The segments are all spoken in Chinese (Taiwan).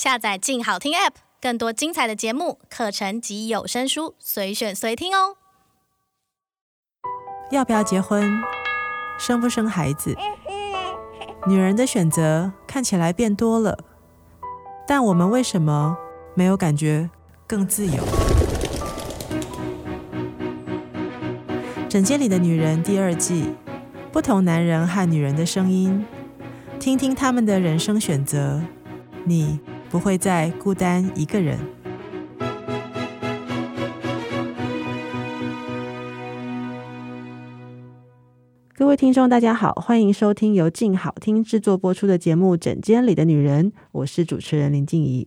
下載“靜好聽 ”App，更多精彩的節目、課程及有聲書，隨選隨聽哦。要不要結婚？生不生孩子？女人的選擇看起來變多了，但我們為什麼沒有感覺更自由？《診間裡的女人》第二季，不同男人和女人的聲音，聽聽他們的人生選擇，你，不會再孤單一個人。各位聽眾，大家好，歡迎收聽由靜好聽制作播出的節目《診間裡的女人》，我是主持人林靜儀。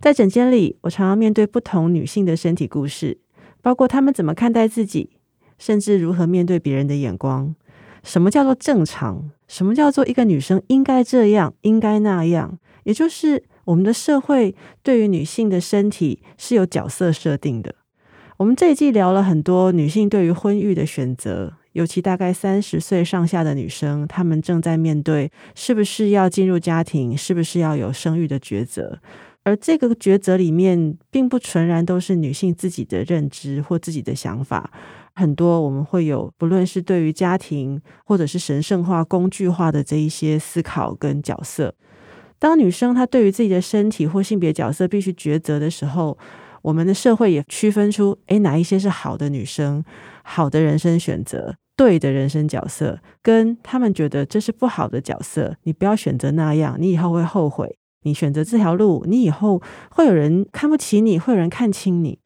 在診間裡，我常要面對不同女性的身體故事，包括她們怎麼看待自己，甚至如何面對別人的眼光。什麼叫做正常？什麼叫做一個女生應該這樣，應該那樣？也就是。我們的社會對於女性的身體是有角色設定的。我們這一季聊了很多女性對於婚育的選擇，尤其大概三十歲上下的女生，她們正在面對是不是要進入家庭，是不是要有生育的抉擇。而這個抉擇裡面，並不全然都是女性自己的認知或自己的想法，很多我們會有不論是對於家庭或者是神聖化、工具化的這一些思考跟角色。當女生她對於自己的身體或性別角色必須抉擇的時候，我們的社會也區分出，誒，哪一些是好的女生、好的人生選擇、對的人生角色，跟他們覺得這是不好的角色。你不要選擇那樣，你以後會後悔。你選擇這條路，你以後會有人看不起你，會有人看輕你。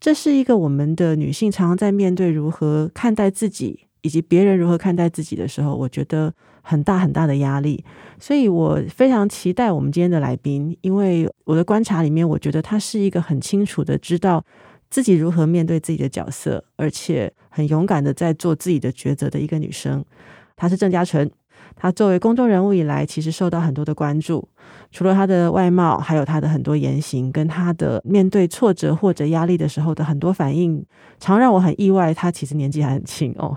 這是一個我們的女性常常在面對如何看待自己以及別人如何看待自己的時候，我覺得。很大很大的壓力，所以我非常期待我們今天的來賓，因為我的觀察裡面，我覺得她是一個很清楚的知道自己如何面對自己的角色，而且很勇敢的在做自己的抉擇的一個女生。她是鄭家純，她作為公眾人物以來，其實受到很多的關注，除了她的外貌，還有她的很多言行，跟她的面對挫折或者壓力的時候的很多反應，常讓我很意外。她其實年紀還很輕哦。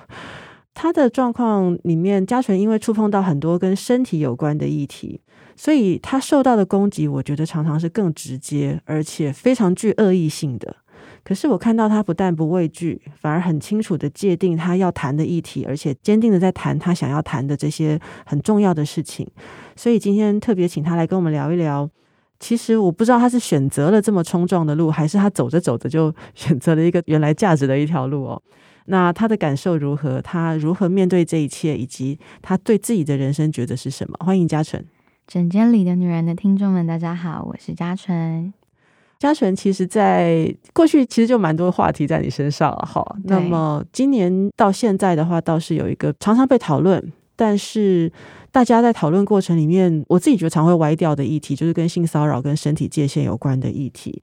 他的狀況裡面，家純因為觸碰到很多跟身體有關的議題，所以他受到的攻擊，我覺得常常是更直接，而且非常具惡意性的。可是我看到他不但不畏懼，反而很清楚的界定他要談的議題，而且堅定的在談他想要談的這些很重要的事情。所以今天特別請他來跟我們聊一聊，其實我不知道他是選擇了這麼衝撞的路，還是他走着走着就選擇了一個原來價值的一條路哦。那他的感受如何？他如何面對這一切？以及他對自己的人生覺得是什麼？歡迎家純。《診間裡的女人》的聽眾們，大家好，我是家純。家純，其實在，在過去其實就蠻多話題在你身上哈。對那麼今年到現在的話，倒是有一個常常被討論，但是大家在討論過程裡面，我自己覺得常會歪掉的議題，就是跟性騷擾、跟身體界限有關的議題。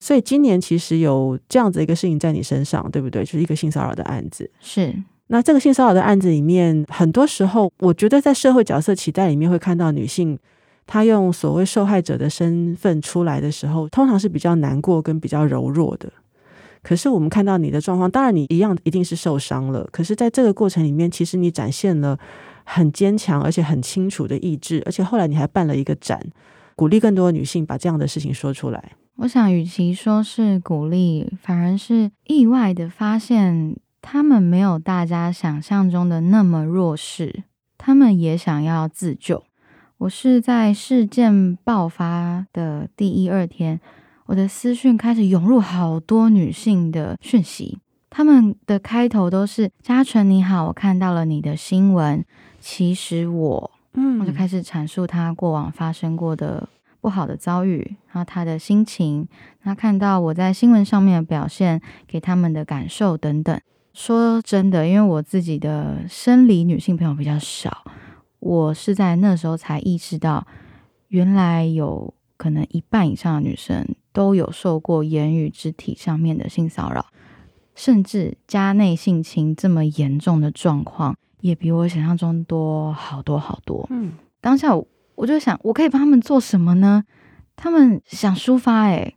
所以今年其實有這樣子一個事情在你身上，對不對？就是一個性騷擾的案子。是。那這個性騷擾的案子裡面，很多時候我覺得在社會角色期待裡面會看到女性，她用所謂受害者的身份出來的時候，通常是比較難過跟比較柔弱的。可是我們看到你的狀況，當然你一樣一定是受傷了，可是在這個過程裡面，其實你展現了很堅強而且很清楚的意志，而且後來你還辦了一個展，鼓勵更多女性把這樣的事情說出來。我想，與其說是鼓勵，反而是意外的發現，他們沒有大家想象中的那麼弱勢，他們也想要自救。我是在事件爆發的第一二天，我的私訊開始湧入好多女性的訊息，他們的開頭都是家純你好，我看到了你的新聞，其實我，嗯，我就開始闡述他過往發生過的。不好的遭遇，然後他的心情，他看到我在新聞上面的表現，給他們的感受等等。說真的，因為我自己的生理女性朋友比較少，我是在那時候才意識到，原來有可能一半以上的女生都有受過言語、肢體上面的性騷擾，甚至家內性侵這麼嚴重的狀況，也比我想象中多好多好多。嗯，當下。我就想，我可以幫他們做什麼呢？他們想抒發、欸，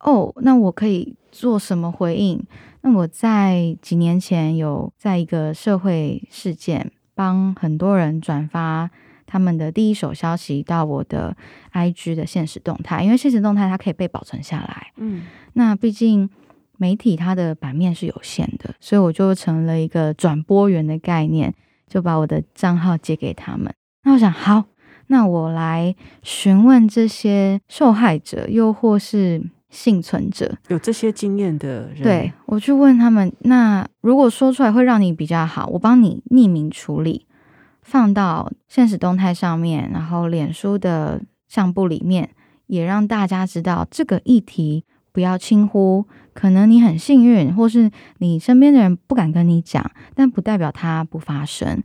誒哦，那我可以做什麼回應？那我在幾年前有在一個社會事件，幫很多人轉發他們的第一手消息到我的 IG 的限時動態，因為限時動態它可以被保存下來。嗯，那畢竟媒體它的版面是有限的，所以我就成了一個轉播員的概念，就把我的賬號借給他們。那我想，好。那我來詢問這些受害者，又或是倖存者，有這些經驗的人，對我去問他們。那如果說出來會讓你比較好，我幫你匿名處理，放到限時動態上面，然後臉書的相簿裡面，也讓大家知道這個議題，不要輕忽。可能你很幸運，或是你身邊的人不敢跟你講，但不代表它不發生。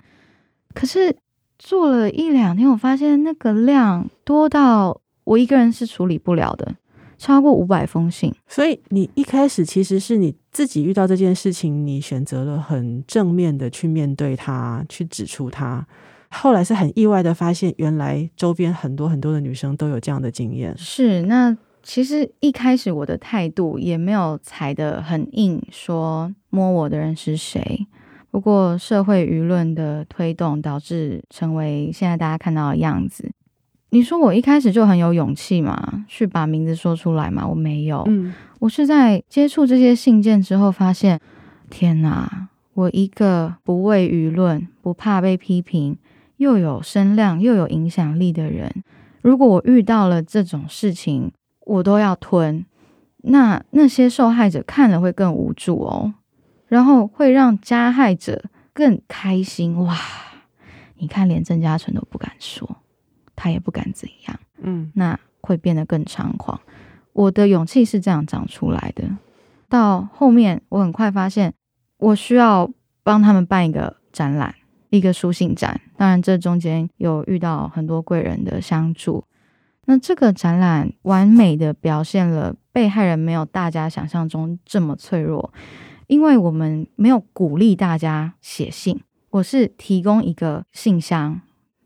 可是。做了一兩天，我發現那個量多到我一個人是處理不了的，超過五百封信。所以你一開始其實是你自己遇到這件事情，你選擇了很正面的去面對它，去指出它。後來是很意外的發現，原來周邊很多很多的女生都有這樣的經驗。是，那其實一開始我的態度也沒有踩得很硬，說摸我的人是誰。不過社會輿論的推動導致成為現在大家看到的樣子。你說我一開始就很有勇氣嘛？去把名字說出來嘛？我沒有。嗯，我是在接觸這些信件之後發現，天哪！我一個不畏輿論、不怕被批評、又有聲量又有影響力的人，如果我遇到了這種事情，我都要吞。那那些受害者看了會更無助哦。然後會讓加害者更開心哇！你看，連鄭家純都不敢說，他也不敢怎樣。嗯，那會變得更猖狂。我的勇氣是這樣長出來的。到後面，我很快發現，我需要幫他們辦一個展覽，一個書信展。當然，這中間有遇到很多貴人的相助。那這個展覽完美的表現了被害人沒有大家想象中這麼脆弱。因為我們沒有鼓勵大家寫信，我是提供一個信箱，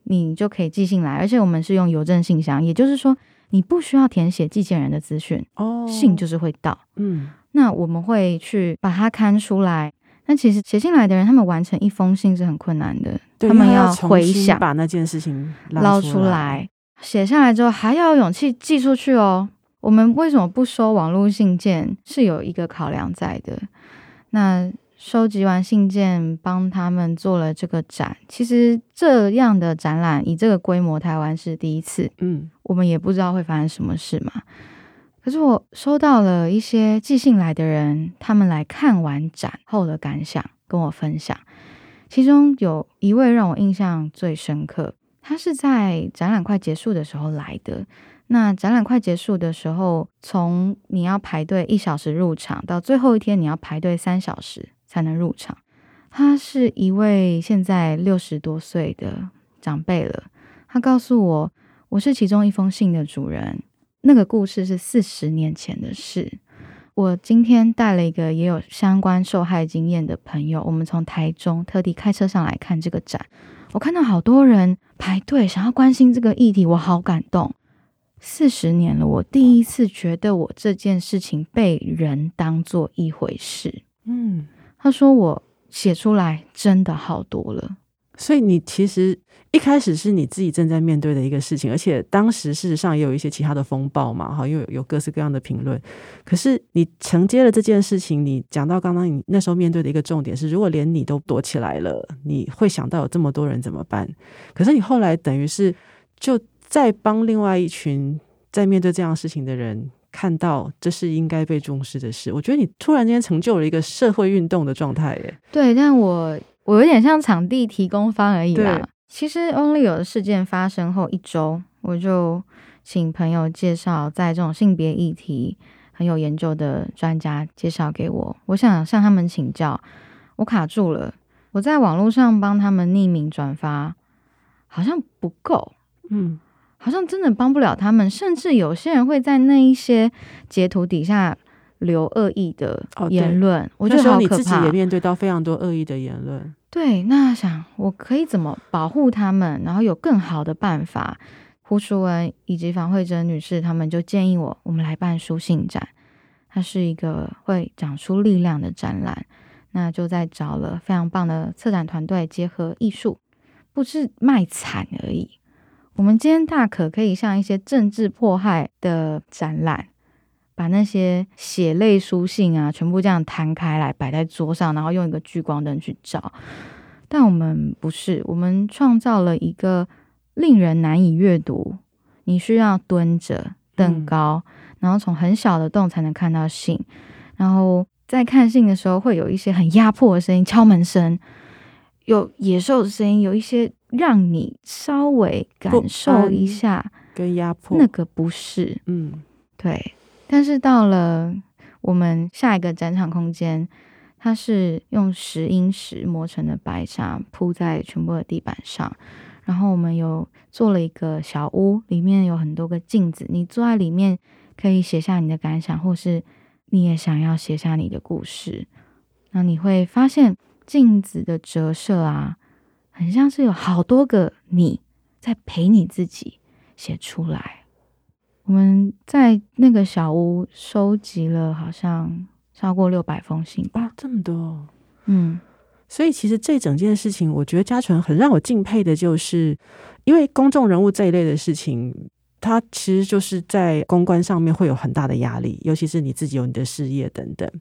你就可以寄信來，而且我們是用郵政信箱，也就是說你不需要填寫寄件人的資訊，哦，信就是會到。嗯，那我們會去把它刊出來。但其實寫信來的人，他們完成一封信是很困難的，對他們要回想要把那件事情出撈出來，寫下來之後還要有勇氣寄出去哦。我們為什麼不收網絡信件？是有一個考量在的。那收集完信件，幫他們做了這個展。其實這樣的展覽以這個規模，台灣是第一次。嗯，我們也不知道會發生什麼事嘛。可是我收到了一些寄信來的人，他們來看完展後的感想，跟我分享。其中有一位讓我印象最深刻，他是在展覽快結束的時候來的。那展覽快結束的時候，從你要排隊一小時入場，到最後一天你要排隊三小時才能入場。他是一位現在六十多歲的長輩了。他告訴我，我是其中一封信的主人。那個故事是四十年前的事。我今天帶了一個也有相關受害經驗的朋友，我們從台中特地開車上來看這個展。我看到好多人排隊，想要關心這個議題，我好感動。四十年了，我第一次覺得我這件事情被人當做一回事。嗯，他說我寫出來真的好多了。所以你其實一開始是你自己正在面對的一個事情，而且當時事實上也有一些其他的風暴嘛，哈，又有各式各樣的評論。可是你承接了這件事情，你講到剛剛你那時候面對的一個重點是，如果連你都躲起來了，你會想到有這麼多人怎麼辦？可是你後來等於是就。在幫另外一群在面對這樣事情的人看到這是應該被重視的事，我覺得你突然間成就了一個社會運動的狀態耶。對，但我我有點像場地提供方而已啦。對其實翁立友的事件發生後一周，我就請朋友介紹在這種性別議題很有研究的專家介紹給我，我想向他們請教。我卡住了，我在網絡上幫他們匿名轉發，好像不夠，嗯。好像真的幫不了他們，甚至有些人會在那一些截圖底下留惡意的言論，哦、對我覺得好可怕。那時候你自己也面對到非常多惡意的言論，對,那想我可以怎麼保護他們，然後有更好的辦法。胡書文以及方慧珍女士他們就建議我，我們來辦書信展，它是一個會長出力量的展覽。那就在找了非常棒的策展團隊，結合藝術，不是賣慘而已。我們今天大可可以像一些政治迫害的展覽，把那些血淚書信啊，全部這樣攤開來擺在桌上，然後用一個聚光燈去照。但我們不是，我們創造了一個令人難以閱讀，你需要蹲着、登高，嗯、然後從很小的洞才能看到信。然後在看信的時候，會有一些很壓迫的聲音，敲門聲，有野獸的聲音，有一些。讓你稍微感受一下，跟壓迫那個不是嗯，嗯，對。但是到了我們下一個展場空間，它是用石英石磨成的白沙鋪在全部的地板上，然後我們有做了一個小屋，裡面有很多個鏡子。你坐在裡面可以寫下你的感想，或是你也想要寫下你的故事。那你會發現鏡子的折射啊。很像是有好多個你，在陪你自己寫出來。我們在那個小屋收集了好像超過六百封信吧，這麼多。嗯，所以其實這整件事情，我覺得家純很讓我敬佩的，就是因為公眾人物這一類的事情，他其實就是在公關上面會有很大的壓力，尤其是你自己有你的事業等等。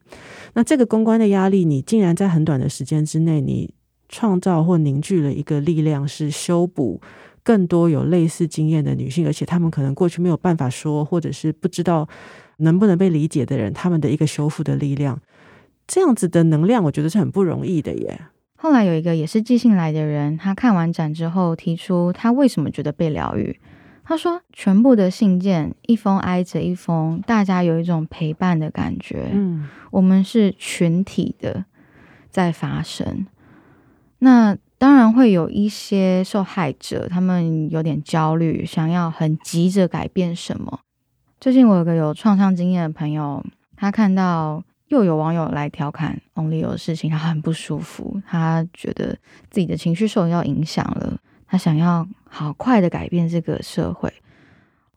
那這個公關的壓力，你竟然在很短的時間之內，你創造或凝聚了一個力量，是修補更多有類似經驗的女性，而且她們可能過去沒有辦法說，或者是不知道能不能被理解的人，她們的一個修復的力量，這樣子的能量，我覺得是很不容易的耶。後來有一個也是寄信來的人，他看完展之後提出，他為什麼覺得被療癒？他說，全部的信件一封挨着一封，大家有一種陪伴的感覺，嗯，我們是群體的在發生。那當然會有一些受害者，他們有點焦慮，想要很急着改變什麼。最近我有個有創傷經驗的朋友，他看到又有網友來調侃翁立友的事情，他很不舒服，他覺得自己的情緒受到影響了，他想要好快的改變這個社會。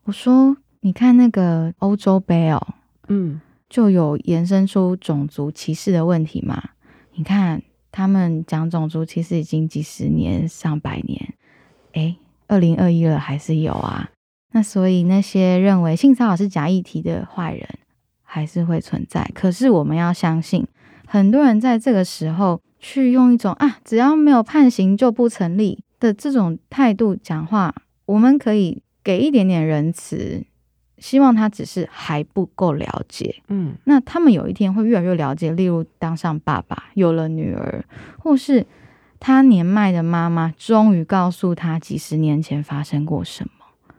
我說，你看那個歐洲杯哦，嗯，就有延伸出種族歧視的問題嘛？你看。他們講種族其實已經幾十年、上百年，哎，二零二一了還是有啊。那所以那些認為性騷擾是假議題的壞人還是會存在。可是我們要相信，很多人在這個時候去用一種啊，只要沒有判刑就不成立的這種態度講話，我們可以給一點點仁慈。希望他只是還不夠了解，嗯，那他們有一天會越來越了解。例如，當上爸爸，有了女兒，或是他年邁的媽媽，終於告訴他幾十年前發生過什麼，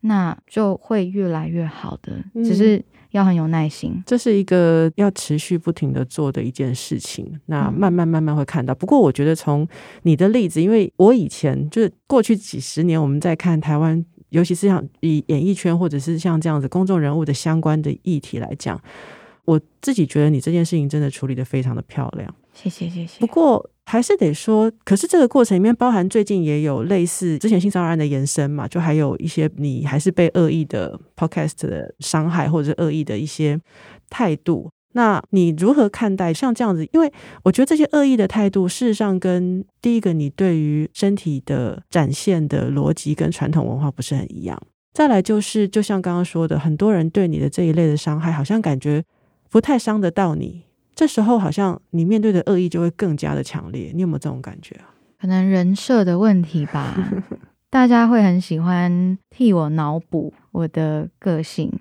那就會越來越好的。嗯，只是要很有耐心，這是一個要持續不停地做的一件事情。那慢慢慢慢會看到。嗯，不過，我覺得從你的例子，因為我以前就是過去幾十年我們在看台灣。尤其是像以演藝圈或者是像這樣子公眾人物的相關的議題來講，我自己覺得你這件事情真的處理得非常的漂亮。謝謝謝謝。謝謝，不過還是得說，可是這個過程裡面包含最近也有類似之前性騷擾案的延伸嘛，就還有一些你還是被惡意的 podcast 的傷害，或者是惡意的一些態度。那你如何看待像這樣子？因為我覺得這些惡意的態度，事實上跟第一個你對於身體的展現的邏輯跟傳統文化不是很一樣。再來就是，就像剛剛說的，很多人對你的這一類的傷害，好像感覺不太傷得到你。這時候，好像你面對的惡意就會更加的強烈。你有沒有這種感覺啊？可能人設的問題吧， 大家會很喜歡替我腦補我的個性，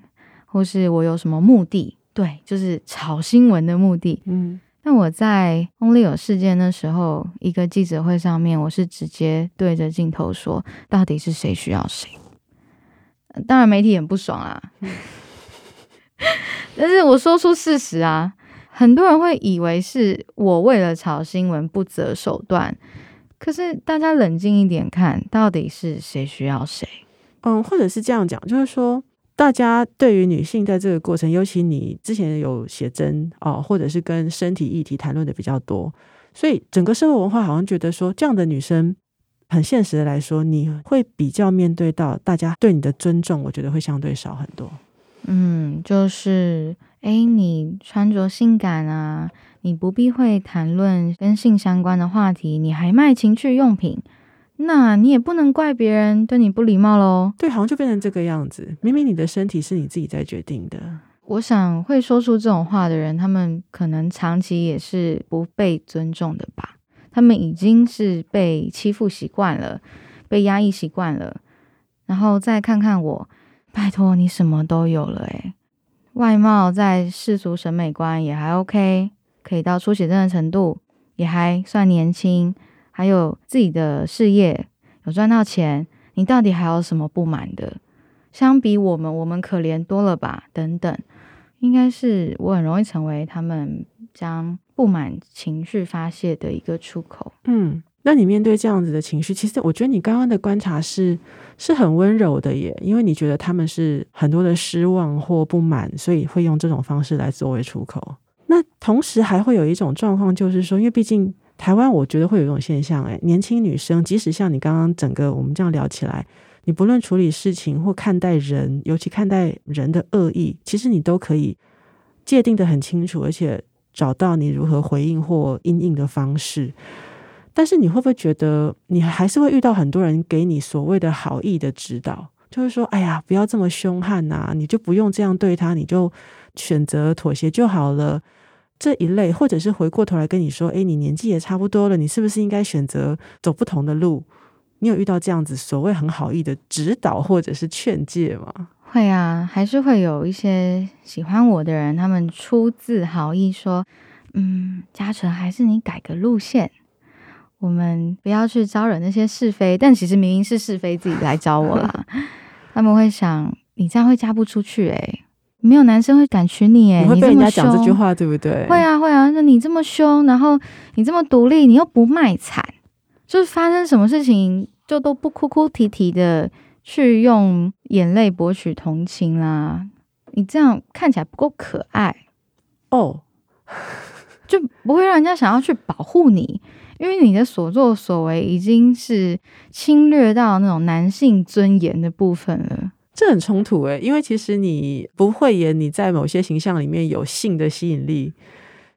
或是我有什麼目的。對，就是炒新聞的目的。嗯，那我在翁立友事件的時候，一個記者會上面，我是直接對着鏡頭說：“到底是誰需要誰？”呃，當然，媒體也不爽啊。 但是我說出事實啊，很多人會以為是我為了炒新聞不擇手段。可是大家冷靜一點看，到底是誰需要誰？嗯，或者是這樣講，就是說。大家對於女性在這個過程，尤其你之前有寫真哦，或者是跟身體議題談論的比較多，所以整個社會文化好像覺得說，這樣的女生，很現實的來說，你會比較面對到大家對你的尊重，我覺得會相對少很多。嗯，就是，哎，你穿着性感啊，你不避諱談論跟性相關的話題，你還賣情趣用品。那你也不能怪別人對你不禮貌嘍。對，好像就變成這個樣子。明明你的身體是你自己在決定的。我想會說出這種話的人，他們可能長期也是不被尊重的吧。他們已經是被欺負習慣了，被壓抑習慣了。然後再看看我，拜託你什麼都有了誒、欸，外貌在世俗審美觀也還 OK，可以到出血症的程度，也還算年輕。還有自己的事業，有賺到錢，你到底還有什麼不滿的？相比我們，我們可憐多了吧？等等，應該是我很容易成為他們將不滿情緒發洩的一個出口。嗯，那你面對這樣子的情緒，其實我覺得你剛剛的觀察是是很溫柔的耶，因為你覺得他們是很多的失望或不滿，所以會用這種方式來作為出口。那同時還會有一種狀況，就是說，因為畢竟。台灣，我覺得會有一種現象、欸，哎，年輕女生，即使像你剛剛整個我們這樣聊起來，你不論處理事情或看待人，尤其看待人的惡意，其實你都可以界定得很清楚，而且找到你如何回應或因應的方式。但是你會不會覺得，你還是會遇到很多人給你所謂的好意的指導，就是說，哎呀，不要這麼凶悍吶、啊，你就不用這樣對他，你就選擇妥協就好了。這一類，或者是回過頭來跟你說，誒、欸，你年紀也差不多了，你是不是應該選擇走不同的路？你有遇到這樣子所謂很好意的指導或者是勸誡嗎？會啊，還是會有一些喜歡我的人，他們出自好意說，嗯，家純，還是你改個路線，我們不要去招惹那些是非。但其實明明是是非自己來找我了， 他們會想你這樣會嫁不出去、欸，誒。沒有男生會敢娶你誒、欸、你會被人家講這句話對不對？會啊會啊！那你這麼兇，然後你這麼獨立，你又不賣慘，就是發生什麼事情就都不哭哭啼啼的去用眼淚博取同情啦。你這樣看起來不夠可愛哦，oh. 就不會讓人家想要去保護你，因為你的所作所為已經是侵略到那種男性尊嚴的部分了。這很衝突誒、欸，因為其實你不會演，你在某些形象裡面有性的吸引力，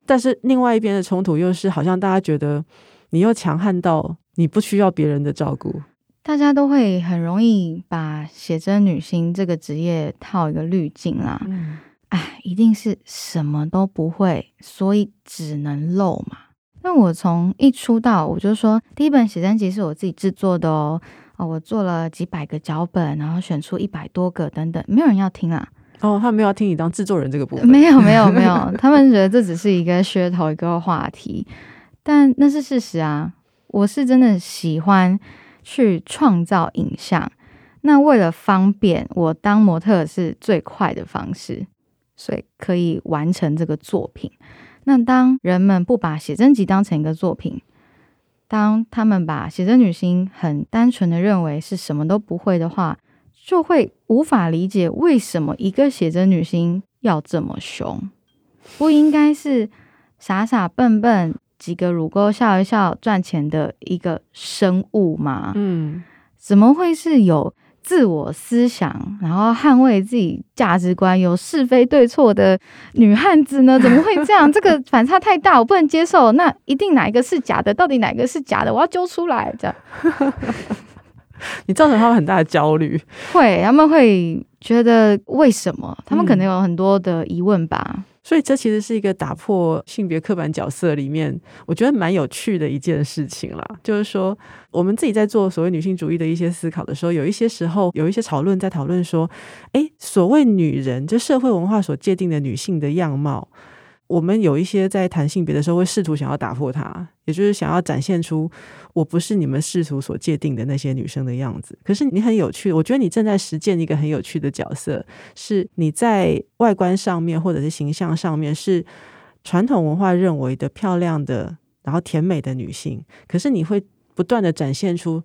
但是另外一邊的衝突又是好像大家覺得你又強悍到你不需要別人的照顧，大家都會很容易把寫真女星這個職業套一個濾鏡啦，哎、嗯，一定是什麼都不會，所以只能露嘛。那我從一出道我就說，第一本寫真集是我自己製作的哦。哦，我做了幾百個腳本，然後選出一百多個，等等，沒有人要聽啊。哦，他們沒有要聽你當製作人這個部分。沒有，沒有，沒有，他們覺得這只是一個噱頭，一個話題。 但那是事實啊，我是真的喜歡去創造影像。那為了方便，我當模特是最快的方式，所以可以完成這個作品。那當人們不把寫真集當成一個作品，當他們把寫真女星很單純的認為是什麼都不會的話，就會無法理解為什麼一個寫真女星要這麼凶？不應該是傻傻笨笨，幾個乳溝笑一笑賺錢的一個生物嗎？嗯，怎麼會是有？自我思想，然後捍衛自己價值觀，有是非對錯的女漢子呢？怎麼會這樣？這個反差太大， 我不能接受。那一定哪一個是假的？到底哪一個是假的？我要揪出來。這樣， 你造成他們很大的焦慮， 會他們會覺得為什麼？他們可能有很多的疑問吧。嗯所以這其實是一個打破性別刻板角色裡面，我覺得蠻有趣的一件事情啦。就是說，我們自己在做所謂女性主義的一些思考的時候，有一些時候有一些討論在討論說，誒，所謂女人，就社會文化所界定的女性的樣貌。我們有一些在談性別的時候，會試圖想要打破它，也就是想要展現出我不是你們世俗所界定的那些女生的樣子。可是你很有趣，我覺得你正在實踐一個很有趣的角色，是你在外觀上面或者是形象上面是傳統文化認為的漂亮的，然後甜美的女性，可是你會不斷的展現出。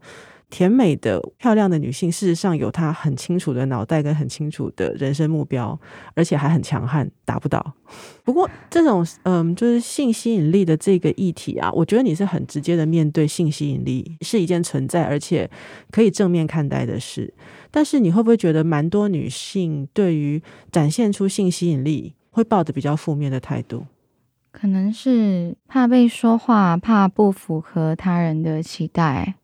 甜美的、漂亮的女性，事實上有她很清楚的腦袋跟很清楚的人生目標，而且還很強悍，打不倒。不過，這種嗯、呃，就是性吸引力的這個議題啊，我覺得你是很直接的面對性吸引力是一件存在，而且可以正面看待的事。但是，你會不會覺得蠻多女性對於展現出性吸引力會抱着比較負面的態度？可能是怕被說話，怕不符合他人的期待。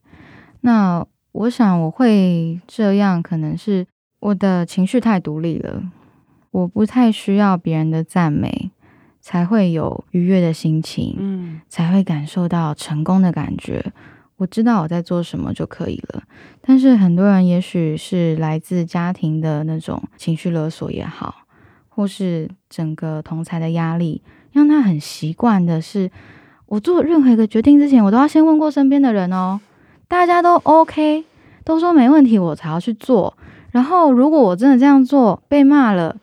那我想我會這樣，可能是我的情緒太獨立了，我不太需要別人的讚美，才會有愉悅的心情，嗯，才會感受到成功的感覺。我知道我在做什麼就可以了。但是很多人也許是來自家庭的那種情緒勒索也好，或是整個同儕的壓力，讓他很習慣的是，我做任何一個決定之前，我都要先問過身邊的人哦。大家都 OK，都說沒問題，我才要去做。然後如果我真的這樣做被罵了，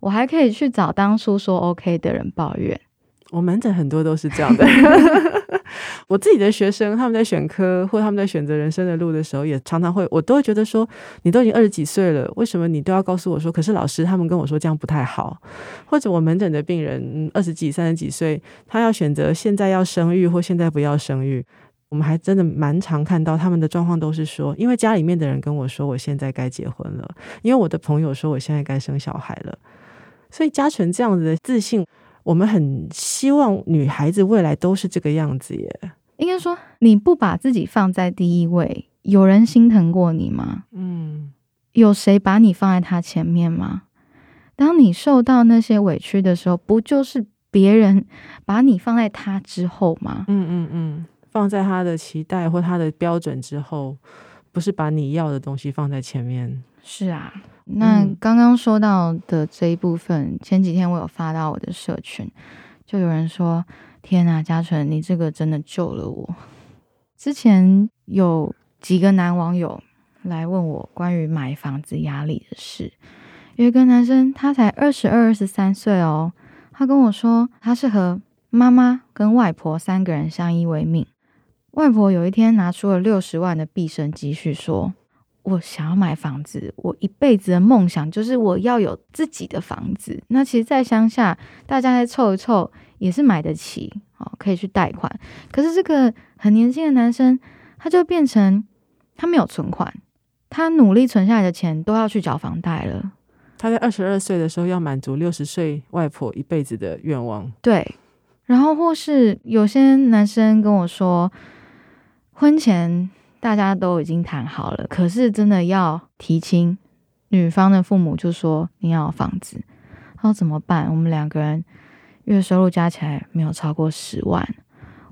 我還可以去找當初說 OK 的人抱怨。我門診很多都是這樣的。 我自己的學生，他們在選科或他們在選擇人生的路的時候，也常常會，我都會覺得說，你都已經二十幾歲了，為什麼你都要告訴我說？可是老師他們跟我說這樣不太好，或者我門診的病人嗯，二十幾、三十幾歲，他要選擇現在要生育或現在不要生育。我們還真的蠻常看到他們的狀況，都是說，因為家裡面的人跟我說，我現在該結婚了，因為我的朋友說，我現在該生小孩了。所以家純這樣子的自信，我們很希望女孩子未來都是這個樣子耶。應該說，你不把自己放在第一位，有人心疼過你嗎？嗯，有誰把你放在他前面嗎？當你受到那些委屈的時候，不就是別人把你放在他之後嗎？嗯嗯嗯。嗯嗯放在他的期待或他的標準之後，不是把你要的東西放在前面。是啊，那剛剛說到的這一部分，嗯、前幾天我有發到我的社群，就有人說：“天啊，家純，你這個真的救了我。”之前有幾個男網友來問我關於買房子壓力的事，有一個男生他才二十二、二十三歲哦，他跟我說他是和媽媽跟外婆三個人相依為命。外婆有一天拿出了六十萬的畢生積蓄，說：“我想要買房子，我一輩子的夢想就是我要有自己的房子。”那其實，在鄉下，大家再湊一湊也是買得起，哦，可以去貸款。可是這個很年輕的男生，他就變成他沒有存款，他努力存下來的錢都要去繳房貸了。他在二十二歲的時候要滿足六十歲外婆一輩子的願望，對。然後，或是有些男生跟我說。婚前大家都已經談好了，可是真的要提親，女方的父母就說你要有房子，然後怎麼辦？我們兩個人月收入加起來沒有超過十萬，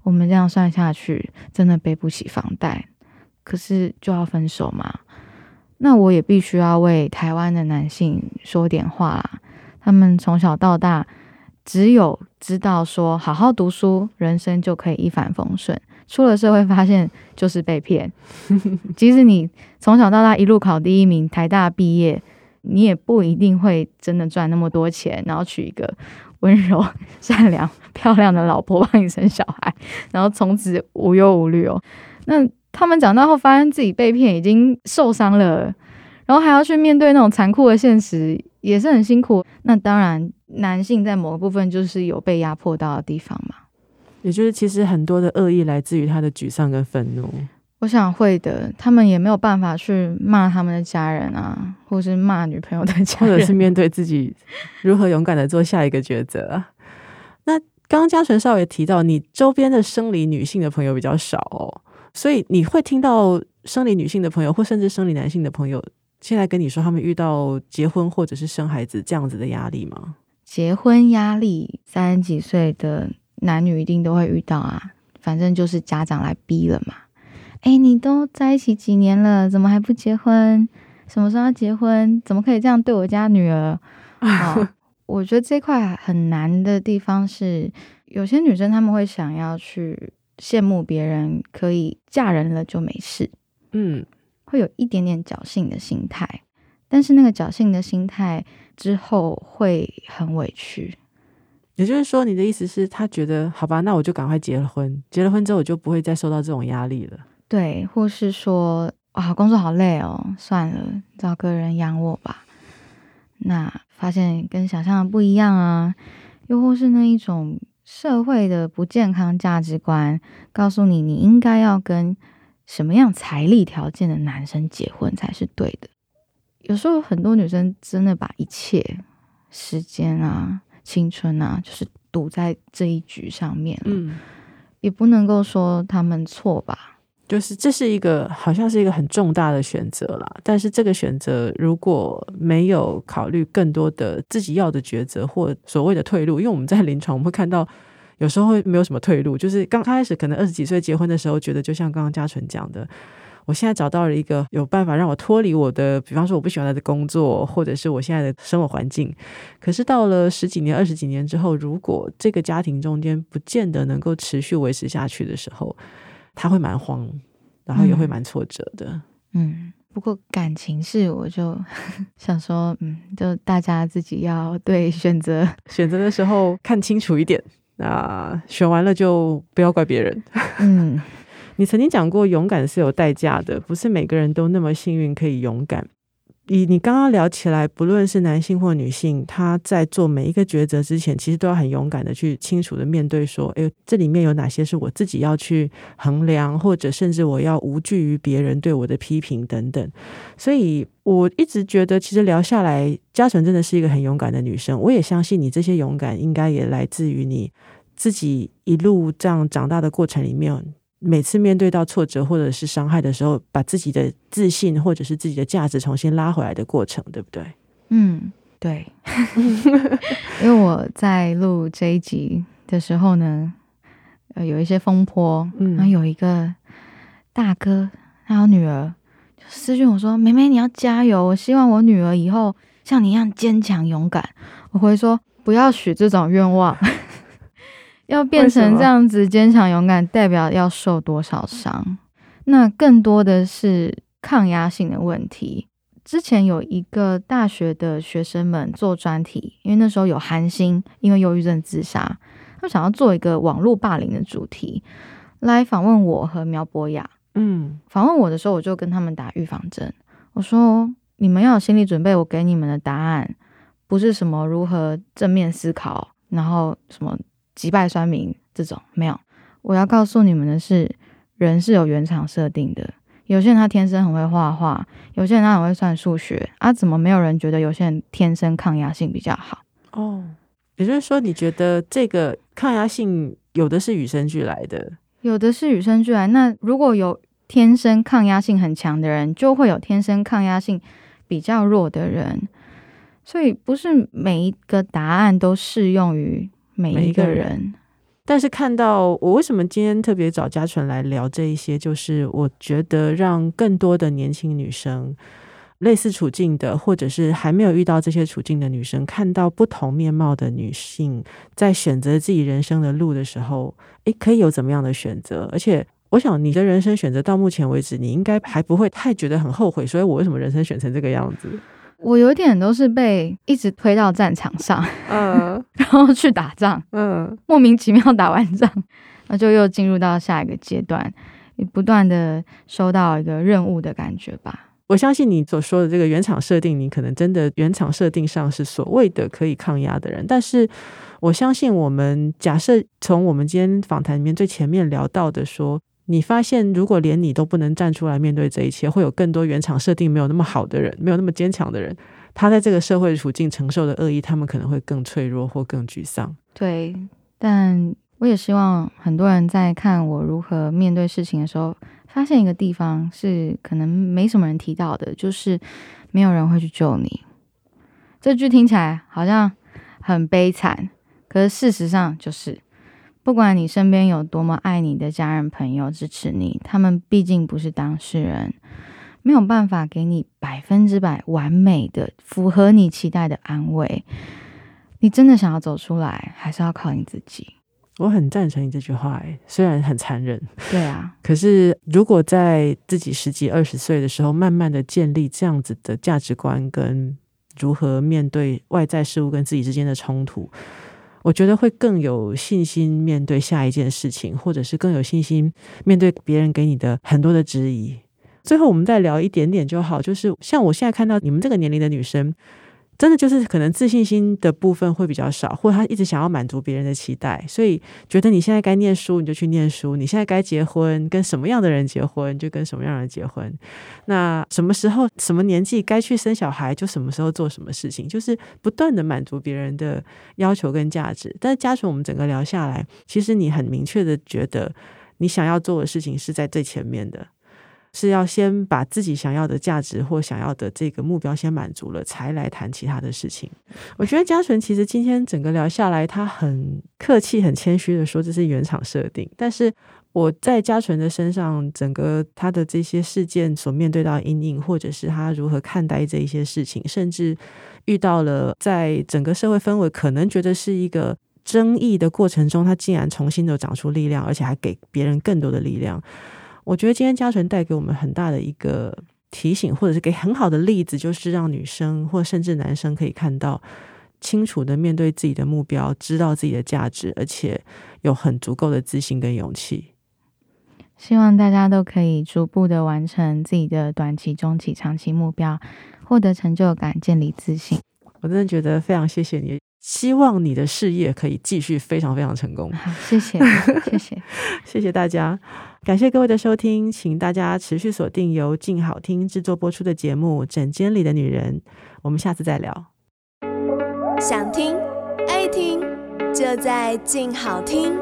我們這樣算下去真的背不起房貸，可是就要分手嘛？那我也必須要為台灣的男性說點話啦，他們從小到大只有知道說好好讀書，人生就可以一帆風順。出了社會，發現就是被騙。即使你從小到大一路考第一名，台大畢業，你也不一定會真的賺那麼多錢，然後娶一個溫柔、善良、漂亮的老婆，幫你生小孩，然後從此無憂無慮哦。那他們長大後發現自己被騙，已經受傷了，然後還要去面對那種殘酷的現實，也是很辛苦。那當然，男性在某個部分就是有被壓迫到的地方嘛。也就是，其實很多的惡意來自於他的沮喪跟憤怒。我想會的，他們也沒有辦法去罵他們的家人啊，或是罵女朋友的家人，或者是面對自己如何勇敢的做下一個抉擇啊。 那剛剛家純少爺提到，你周邊的生理女性的朋友比較少，哦，所以你會聽到生理女性的朋友，或甚至生理男性的朋友，現在跟你說他們遇到結婚或者是生孩子這樣子的壓力嗎？結婚壓力，三十幾歲的。男女一定都會遇到啊，反正就是家長來逼了嘛。哎，你都在一起幾年了，怎麼還不結婚？什麼時候要結婚？怎麼可以這樣對我家女兒？啊， 我覺得這塊很難的地方是，有些女生她們會想要去羨慕別人可以嫁人了就沒事，嗯，會有一點點僥幸的心態，但是那個僥幸的心態之後會很委屈。也就是說，你的意思是，他覺得好吧，那我就趕快結了婚，結了婚之後我就不會再受到這種壓力了。對，或是說，哇、啊，工作好累哦，算了，找個人養我吧。那發現跟想象的不一樣啊，又或是那一種社會的不健康價值觀，告訴你你應該要跟什麼樣財力條件的男生結婚才是對的。有時候很多女生真的把一切時間啊。青春啊，就是賭在這一局上面，嗯，也不能夠說他們錯吧，就是這是一個好像是一個很重大的選擇啦。但是這個選擇如果沒有考慮更多的自己要的抉擇或所謂的退路，因為我們在臨床我們會看到，有時候會沒有什麼退路，就是剛開始可能二十幾歲結婚的時候，覺得就像剛剛家純講的。我現在找到了一個有辦法讓我脫離我的，比方說我不喜歡他的工作，或者是我現在的生活環境。可是到了十幾年、二十幾年之後，如果這個家庭中間不見得能夠持續維持下去的時候，他會蠻慌，然後也會蠻挫折的。嗯，嗯，不過感情是，我就想說，嗯，就大家自己要對選擇，選擇的時候，看清楚一點。那、呃、選完了就不要怪別人。嗯。你曾經講過，勇敢是有代價的，不是每個人都那麼幸運可以勇敢。以你剛剛聊起來，不論是男性或女性，他在做每一個抉擇之前，其實都要很勇敢的去清楚的面對，說，哎，這裡面有哪些是我自己要去衡量，或者甚至我要無懼於別人對我的批評等等。所以，我一直覺得，其實聊下來，家純真的是一個很勇敢的女生。我也相信你這些勇敢，應該也來自於你自己一路這樣長大的過程裡面。每次面對到挫折或者是傷害的時候，把自己的自信或者是自己的價值重新拉回來的過程，對不對？嗯，對。 因為我在錄這一集的時候呢，呃、有一些風波，嗯、然後有一個大哥還有女兒就私訊我說：“妹妹，你要加油，我希望我女兒以後像你一樣堅強勇敢。”我回說：“不要許這種願望。”要變成這樣子堅強勇敢，代表要受多少傷？那更多的是抗壓性的問題。之前有一個大學的學生們做專題，因為那時候有韓星，因為憂鬱症自殺，他們想要做一個網絡霸凌的主題來訪問我和苗博雅。嗯，訪問我的時候，我就跟他們打預防針，我說：“你們要有心理準備，我給你們的答案不是什麼如何正面思考，然後什麼。”擊敗酸民，這種沒有。我要告訴你們的是，人是有原廠設定的。有些人他天生很會畫畫，有些人他很會算數學啊，怎麼沒有人覺得有些人天生抗壓性比較好？哦，也就是說，你覺得這個抗壓性有的是與生俱來的，有的是與生俱來。那如果有天生抗壓性很強的人，就會有天生抗壓性比較弱的人，所以不是每一個答案都適用於。每一個人，但是看到我為什麼今天特別找家純來聊這一些，就是我覺得讓更多的年輕女生類似處境的，或者是還沒有遇到這些處境的女生，看到不同面貌的女性在選擇自己人生的路的時候，誒、欸，可以有怎麼樣的選擇？而且，我想你的人生選擇到目前為止，你應該還不會太覺得很後悔。所以，我為什麼人生選成這個樣子？我有點都是被一直推到戰場上，嗯，uh, 然後去打仗，嗯，uh, 莫名其妙打完仗，那就又進入到下一個階段，你不斷的收到一個任務的感覺吧。我相信你所說的這個原廠設定，你可能真的原廠設定上是所謂的可以抗壓的人，但是我相信我們假設從我們今天訪談裡面最前面聊到的說。你發現，如果連你都不能站出來面對這一切，會有更多原廠設定沒有那麼好的人，沒有那麼堅強的人，他在這個社會處境承受的惡意，他們可能會更脆弱或更沮喪。對，但我也希望很多人在看我如何面對事情的時候，發現一個地方是可能沒什麼人提到的，就是沒有人會去救你。這句聽起來好像很悲慘，可是事實上就是。不管你身邊有多麼愛你的家人朋友支持你，他們畢竟不是當事人，沒有辦法給你百分之百完美的、符合你期待的安慰。你真的想要走出來，還是要靠你自己？我很贊成你這句話，雖然很殘忍，對啊。可是，如果在自己十幾二十歲的時候，慢慢的建立這樣子的價值觀，跟如何面對外在事物跟自己之間的衝突。我覺得會更有信心面對下一件事情，或者是更有信心面對別人給你的很多的質疑。最後，我們再聊一點點就好，就是像我現在看到你們這個年齡的女生。真的就是可能自信心的部分會比較少，或者他一直想要滿足別人的期待，所以覺得你現在該念書你就去念書，你現在該結婚跟什麼樣的人結婚就跟什麼樣的人結婚，那什麼時候什麼年紀該去生小孩就什麼時候做什麼事情，就是不斷的滿足別人的要求跟價值。但是家純，我們整個聊下來，其實你很明確的覺得你想要做的事情是在最前面的。是要先把自己想要的價值或想要的這個目標先滿足了，才來談其他的事情。我覺得家純其實今天整個聊下來，他很客氣、很謙虛的說這是原廠設定。但是我在家純的身上，整個他的這些事件所面對到的陰影，或者是他如何看待這一些事情，甚至遇到了在整個社會氛圍可能覺得是一個爭議的過程中，他竟然重新的長出力量，而且還給別人更多的力量。我覺得今天家純帶給我們很大的一個提醒，或者是給很好的例子，就是讓女生或甚至男生可以看到清楚地面對自己的目標，知道自己的價值，而且有很足夠的自信跟勇氣。希望大家都可以逐步地完成自己的短期、中期、長期目標，獲得成就感，建立自信。我真的覺得非常謝謝你，希望你的事業可以繼續非常非常成功。好，謝謝，謝謝， 謝謝大家。感謝各位的收聽，請大家持續鎖定由靜好聽制作播出的節目《診間裡的女人》，我們下次再聊。想聽、愛聽，就在靜好聽。